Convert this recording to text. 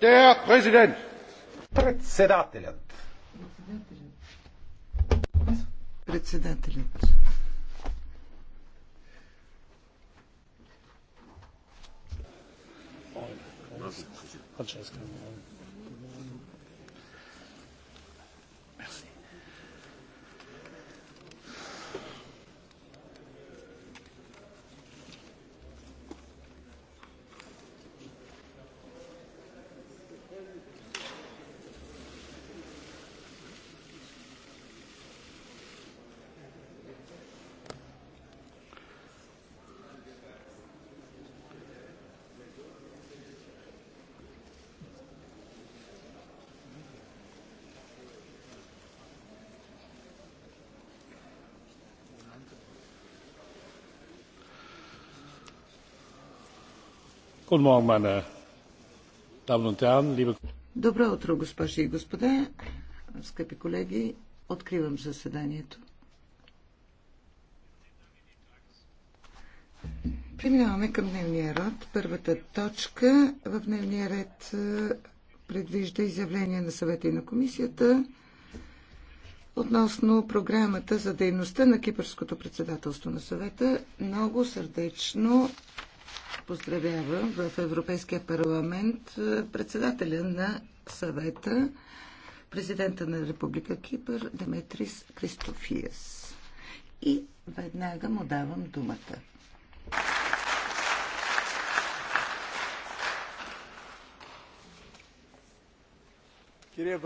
Der Präsident. Председателят. Председателят. Председателят. Добро утро, госпожи и господа, скъпи колеги. Откривам заседанието. Преминаваме към дневния ред. Първата точка в дневния ред предвижда изявление на съвета и на комисията относно програмата за дейността на Кипърското председателство на съвета. Много сърдечно поздравявам в Европейския парламент е, председателя на съвета, президента на Република Кипър Деметрис Кристофиес. И веднага му давам думата. Кирия